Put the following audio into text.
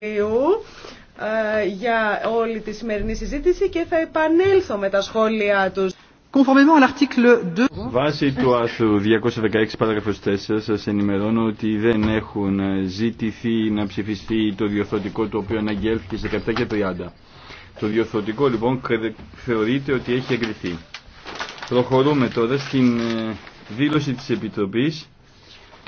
Ε, για όλη τη σημερινή συζήτηση και θα επανέλθω με τα σχόλιά τους. Βάσει του άρθρου 216 παράγραφο 4 σας ενημερώνω ότι δεν έχουν ζητηθεί να ψηφιστεί το διορθωτικό το οποίο αναγγέλθηκε σε 17 και 30. Το διορθωτικό λοιπόν θεωρείται ότι έχει εγκριθεί. Προχωρούμε τώρα στην ε, δήλωση της Επιτροπής